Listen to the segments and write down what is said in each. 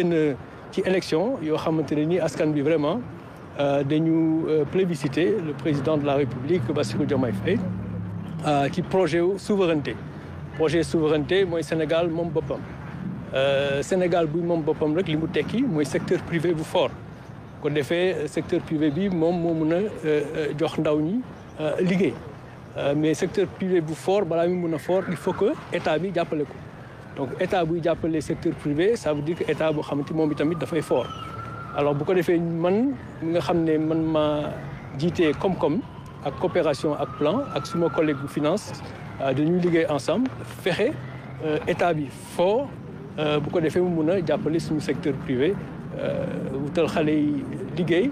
génn ci élection yoo xamante ni askan bi vraiment euh, dañu euh, plébiscité le président de la république Bassirou Diomaye Faye euh, ci projet souveraineté projet souveraineté mooy Sénégal moom boppam Sénégal bu moom boppam rek li mu tekki mooy secteur privé bu fort kon defee secteur privé bi moom moo mun a jox ndaw ñi liggéey mais secteur privé bu fort balaa muy mun a fort il faut que état bi jàppale ko donc état appelé le secteur privé ça veut dire que l'État a xamante fait itamit dafay fort alors bu ko defee man nous nga xam man maa jiitee comme, koom ak coopération ak plan ak suma finances, finance nous euh, liggéey ensemble faire euh, état fort euh, bu ko defee mu mun a secteur privé wutal xale yi liggéey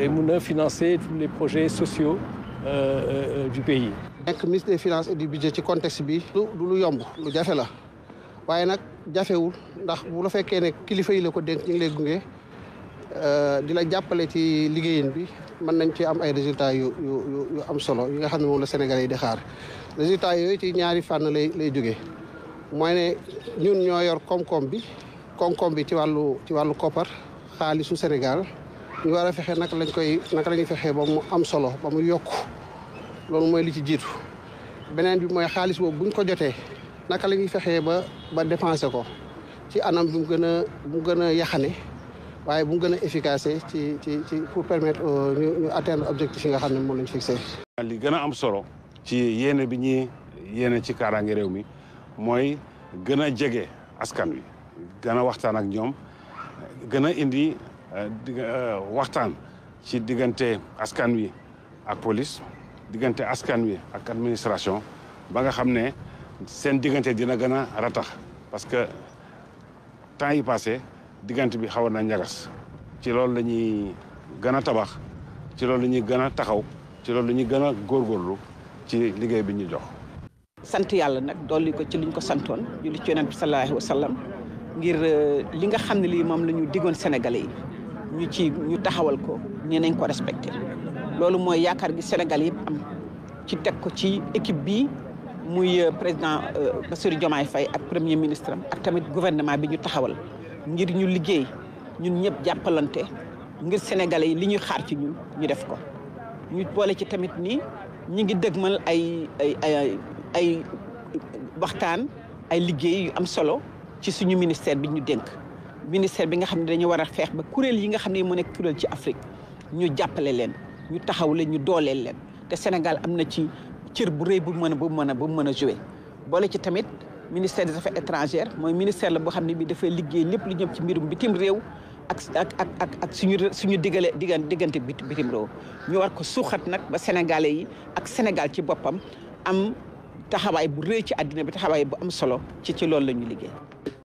et mun financer tous les projets sociaux du pays. Le ministre des finances et du budget ci contexte bi. du lu yomb lu là. waaye nag jafewul ndax bu la fekkee ne kilifa yi la ko dénk ñu ngi lay gunge euh, di la jàppale ci liggéeyin bi mën nañ ci am ay résultats yu yu yu am solo yi nga xam ne moom la Sénégalais yi di xaar résultats yooyu ci ñaari fànn lay lay jógee mooy ne ñun ñoo yor koom bi koom-koom bi ci wàllu ci wàllu koppar xaalisu Sénégal ñu war fexe naka lañ koy naka la fexee ba mu am solo ba mu yokk loolu mooy li ci jiitu beneen bi mooy xaalis boobu buñ ko jotee naka lañuy ñuy fexee ba ba dépensé ko ci anam bu mu gën a mu gën a yaxane waaye bu mu gën a efficace ci ci ci pour permettre euh, ñu atteindre objectif yi nga xam ne moom lañu fixé. li gën a am solo ci yéene bi ñuy yéene ci kaaraange réew mi mooy gën a jege askan wi gën a waxtaan ak ñoom gën a indi euh, waxtaan ci diggante askan wi ak police diggante askan wi ak administration ba nga xam ne. seen diggante dina gën a ratax parce que temps yi passé diggante bi xawoon na njagas ci loolu la ñuy gën a tabax ci loolu la ñuy gën a taxaw ci loolu la ñuy gën a ci liggéey bi ñu jox. sant yàlla nag dolli ko ci liñ ko santoon julli ci yonente bi salaalaahu wasalaam ngir euh, li nga xam ne lii moom la sénégalais ñu ci ñu taxawal ko nee nañ ko respecté loolu mooy yaakaar gi sénégalais yi am ci teg ko ci équipe bii muy euh, président euh, Bassirou Diomaye fay ak premier ministre am ak tamit gouvernement bi ñu taxawal ngir ñu liggéey ñun ñëpp jàppalante ngir sénégalais yi li ñuy xaar ci ñun ñu def ko. ñu boole ci tamit ni ñu ngi dëgg ay ay ay ay waxtaan ay liggéey yu am solo ci suñu ministère bi ñu dénk ministère bi nga xam ne dañu war a feex ba kuréel yi nga xam ne moo nekk kuréel ci Afrique ñu jàppale leen ñu taxaw leen ñu dooleel leen te Sénégal am na ci. cër bu rëy bu mën a bu mën a bu mën a joué boole ci tamit ministère des affaires étrangères mooy ministère la boo xam ne bi dafay liggéey lépp lu ñëpp ci mbirum bitim réew ak ak ak ak ak suñu suñu diggale diggante bitim réew ñu war ko suuxat nag ba sénégalais yi ak Sénégal ci boppam am taxawaay bu rëy ci àddina bi ta taxawaay bu am solo ci ci loolu la ñu liggéey